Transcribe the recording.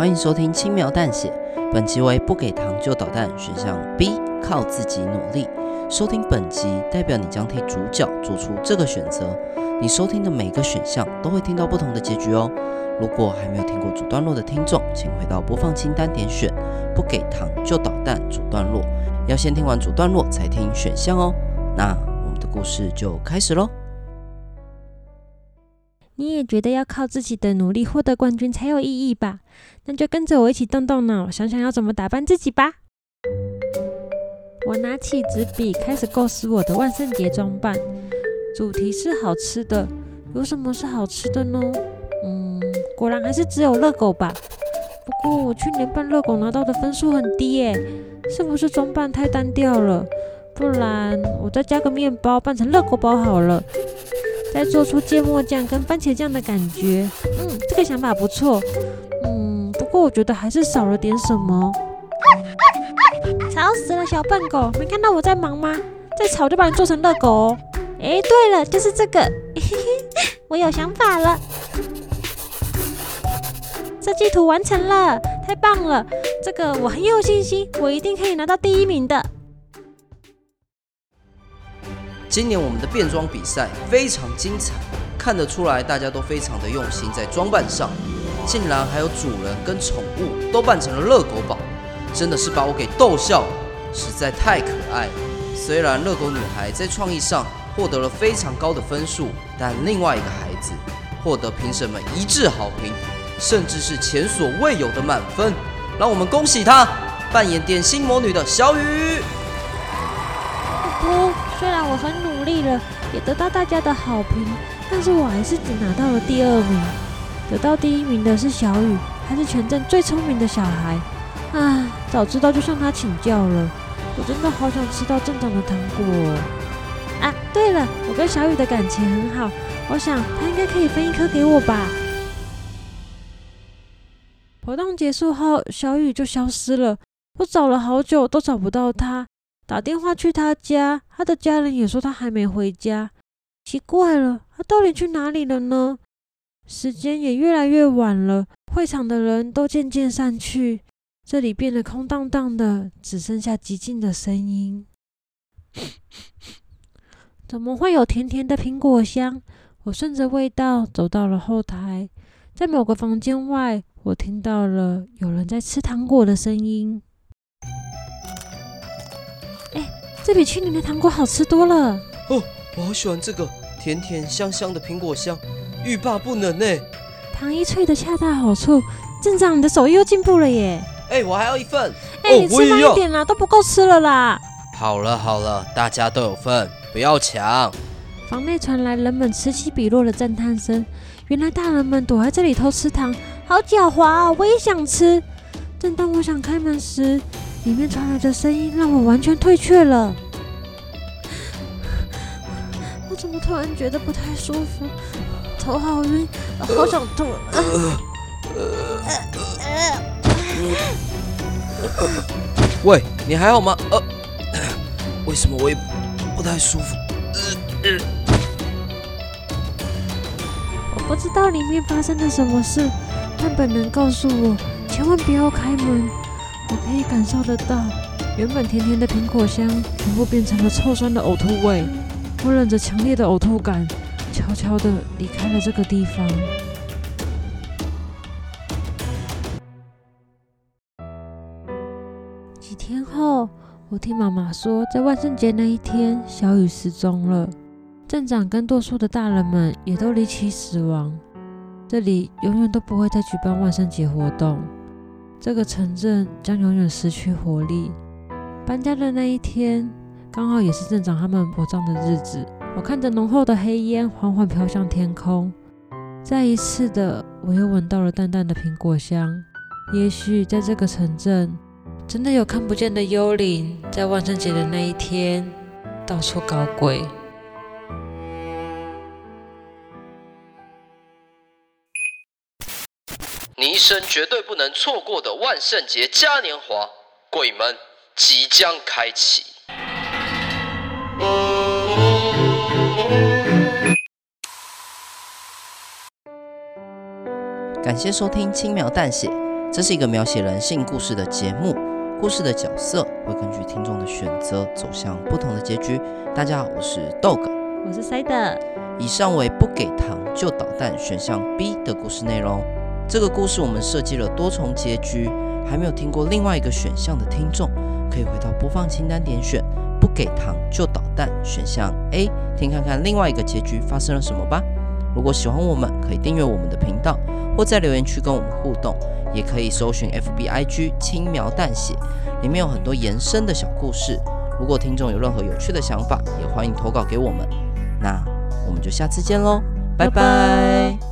歡迎收聽輕描淡血，本集為不給糖就搗蛋選項 B 靠自己努力。收聽本集代表你將替主角做出這個選擇，你收聽的每個選項都會聽到不同的結局哦。如果還沒有聽過主段落的聽眾，請回到播放清單點選不給糖就搗蛋主段落，要先聽完主段落才聽選項哦。那我們的故事就開始嘍。你也覺得要靠自己的努力獲得冠軍才有意義吧？那就跟着我一起動動腦，想想要怎麼打扮自己吧。我拿起紙筆，開始構思我的萬聖節裝扮。主題是好吃的，有什麼是好吃的呢？嗯，果然還是只有熱狗吧。不過我去年扮熱狗拿到的分數很低耶，是不是裝扮太單調了？不然我再加個麵包，扮成熱狗包好了。再做出芥末醬跟番茄醬的感覺，嗯，這個想法不錯，嗯，不過我覺得還是少了點什麼。吵死了，小笨狗，沒看到我在忙嗎？再吵就把你做成熱狗，哦。哎，欸，對了，就是這個，嘿 嘿我有想法了。設計圖完成了，太棒了！這個我很有信心，我一定可以拿到第一名的。今年我們的變裝比賽非常精彩，看得出來大家都非常的用心，在裝扮上，竟然還有主人跟寵物都扮成了熱狗堡，真的是把我給逗笑了，實在太可愛了。雖然熱狗女孩在創意上獲得了非常高的分數，但另外一個孩子獲得評審們一致好評，甚至是前所未有的滿分，讓我們恭喜她扮演點心魔女的小雨。雖然我很努力了，也得到大家的好評，但是我還是只拿到了第二名。得到第一名的是小雨，他是全鎮最聰明的小孩。啊，早知道就向他請教了。我真的好想吃到鎮長的糖果。啊，對了，我跟小雨的感情很好，我想他應該可以分一顆給我吧。活動結束後，小雨就消失了，我找了好久都找不到他。打電話去他家，他的家人也說他還沒回家。奇怪了，他到底去哪裡了呢？時間也越來越晚了，會場的人都漸漸散去，這裡變得空蕩蕩的，只剩下寂靜的聲音。 怎麼會有甜甜的蘋果香？我順着味道走到了後台，在某個房間外，我聽到了有人在吃糖果的聲音。這比去年的糖果好吃多了哦！我好喜歡這個甜甜香香的蘋果香，欲罷不能呢。糖衣脆的恰到好處，鎮長你的手藝又進步了耶！誒、欸，我還要一份。誒、欸，哦、你吃慢一點啦、啊，都不夠吃了啦。好了好了，大家都有份，不要搶。房內傳來人們此起彼落的讚嘆聲。原來大人們躲在這裡偷吃糖，好狡猾啊、哦！我也想吃。正當我想開門時，裡面傳來的聲音讓我完全退卻了。我怎麼突然覺得不太舒服？頭好暈啊，好想吐。喂，你還好嗎？為什麼我也不太舒服？我不知道裡面發生了什麼事，但本能告訴我，千萬不要開門。我可以感受得到，原本甜甜的蘋果香，全部變成了臭酸的嘔吐味。我忍着強烈的嘔吐感，悄悄的離開了這個地方。幾天後，我聽媽媽說，在萬聖節那一天，小雨失蹤了，鎮長跟多數的大人們也都離奇死亡。這裡永遠都不會再舉辦萬聖節活動。這個城鎮將永遠失去活力。搬家的那一天，剛好也是鎮長他們火葬的日子。我看着濃厚的黑煙緩緩飄向天空，再一次的我又聞到了淡淡的蘋果香。也許在這個城鎮，真的有看不見的幽靈在萬聖節的那一天到處搞鬼。你一生絕對不能錯過的萬聖節嘉年華，鬼門即將開啟。感謝收聽《輕描淡血》，這是一個描寫人性故事的節目。故事的角色會根據聽眾的選擇走向不同的結局。大家好，我是 Dog，我是 Side。以上為不給糖就搗蛋選項 B 的故事內容。這個故事我們設計了多重結局，還沒有聽過另外一個選項的聽眾，可以回到播放清單點選“不給糖就搗蛋”選項 A，聽看看另外一個結局發生了什麼吧。如果喜歡我們，可以訂閱我們的頻道，或在留言區跟我們互動，也可以搜尋 FBIG 輕描淡血，裡面有很多延伸的小故事。如果聽眾有任何有趣的想法，也歡迎投稿給我們。那我們就下次見嘍，拜拜。拜拜。